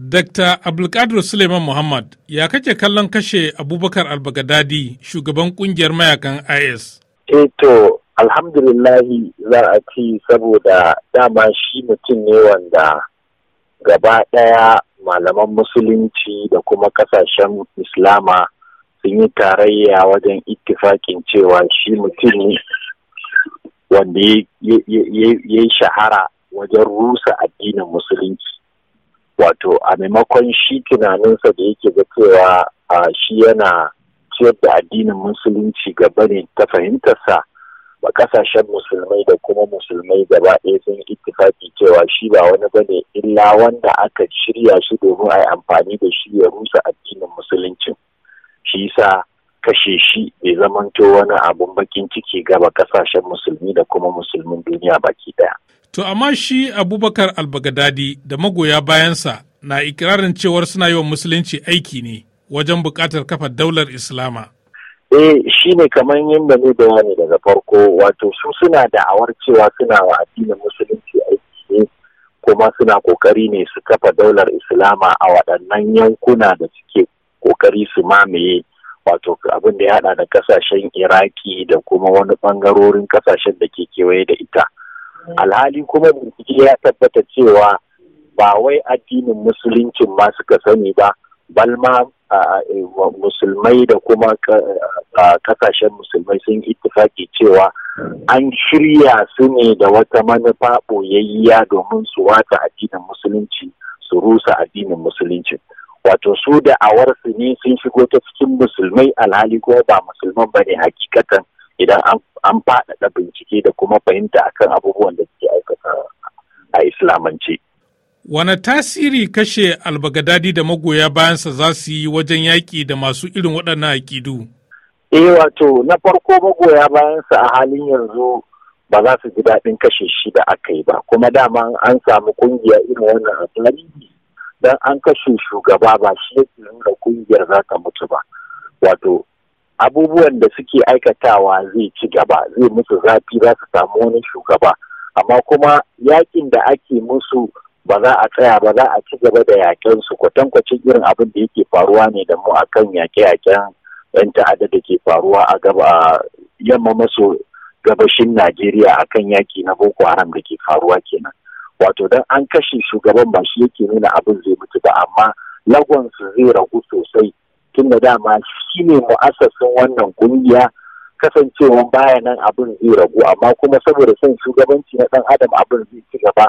Dr. Abdulkadir Suleiman Muhammad ya kake kallon kashe Abubakar Albagadadi shugaban kungiyar mayakan IS. Eto, eh, alhamdulillahi za a ci saboda dama shi mutum ne wanda gaba ɗaya malaman musulunci da kuma kasashen Islama sun yi tarayya wajen ittifakin cewa shi mutum ne wanda ya shahara wajen rusa addinin musulunci. wato a maimakon shi tunaninsa da yake ga cewa shi yana ciyar da addinin musulunci gaba ne ta fahimtarsa ba kasashen musulmai da kuma musulmai gaba ɗaya sun ittifaki cewa shi ba wani bane illa wanda aka shirya shi domin a yi amfani da shi ya rusa addinin musuluncin shi sa kashe shi bai zamanto wani abun bakin ciki gaba kasashen musulmi da kuma musulmin duniya baki ɗaya. To amma shi Abubakar Albagadadi da magoya bayansa na ikirarin cewar suna yi wa musulunci aiki ne wajen buƙatar kafa daular islama eh shi ne kamar yadda ne bayani daga farko wato su suna da'awar cewa suna wa addinin musulunci aiki ne kuma suna kokari ne su kafa daular islama a waɗannan yankuna da suke kokari su mamaye wato abin da ya haɗa da ƙasashen iraki da kuma wani ɓangarorin ƙasashen da ke kewaye da ita mm. alhali kuma bincike ya tabbata cewa ba wai addinin musuluncin ma suka sani ba balma e, musulmai da kuma kasashen musulmai sun ittifaki cewa an shirya su ne da wata manufa ɓoyayya domin su wata addinin musulunci su rusa addinin musulunci wato su da awarsu ne sun shigo ta cikin musulmai alhali ko ba musulman ba ne hakikatan idan an faɗaɗa bincike da kuma fahimta akan abubuwan da suke aikata a islamance. Wane tasiri kashe albagadadi da magoya bayansa za su yi wajen yaƙi da masu irin waɗannan aƙidu? Eh wato na farko magoya bayansa a halin yanzu ba za su ji daɗin kashe shi da aka yi ba kuma dama an samu ƙungiya irin wannan a tarihi don an kashe shugaba ba shi yake nuna ƙungiyar za ta mutu ba wato abubuwan da suke aikatawa zai ci gaba zai musu zafi za su samu wani shugaba amma kuma yakin da ake musu ba za a tsaya ba za a ci gaba da yaƙen su kwatankwacin irin abin da yake faruwa ne da mu akan yaƙe-yaƙen yan ta'adda da ke faruwa a gaba yamma maso gabashin Najeriya akan yaƙi na Boko Haram da ke faruwa kenan. Wato dan an kashe shugaban ba shi yake nuna abin zai mutu ba amma lagon su zai ragu sosai tun da dama shi ne mu'assasin wannan kungiya kasancewan bayanan abin zai ragu amma kuma saboda son shugabanci na ɗan adam abin zai ci gaba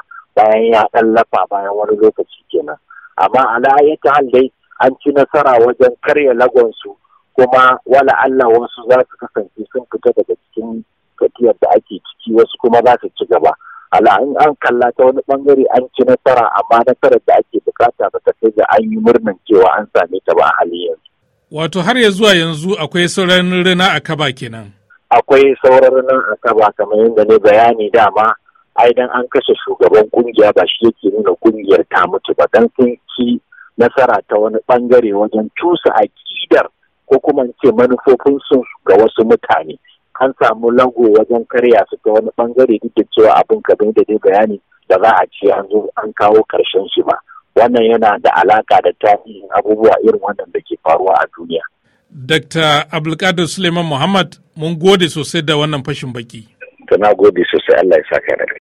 bayan ya lafa bayan wani lokaci kenan amma ala ta hal dai an ci nasara wajen karya lagonsu kuma wala Allah wasu za su kasance sun fita daga cikin tafiyar da ake ciki wasu kuma za su ci gaba ala an kalla ta wani bangare an ci nasara amma nasarar da ake bukata ba ta kai ga an yi murnan cewa an same ta ba a halin yanzu. Wato har ya zuwa yanzu akwai sauran rina a kaba kenan. Akwai sauran rina a kaba kamar yadda ne bayani dama ai dan an kashe shugaban kungiya ba shi yake nuna kungiyar ta mutu ba dan sun ci nasara ta wani bangare wajen cusa akidar ko kuma ce manufofin su ga wasu mutane an samu lago wajen karya su ta wani bangare duk da cewa abin kamar da dai bayani da za a ce an zo an kawo karshen shi ba wannan yana da alaka da tarihin abubuwa irin wannan da ke faruwa a duniya. Dr. Abdulkadir Suleiman Muhammad mun gode sosai da wannan fashin baki. Tana gode sosai Allah ya saka da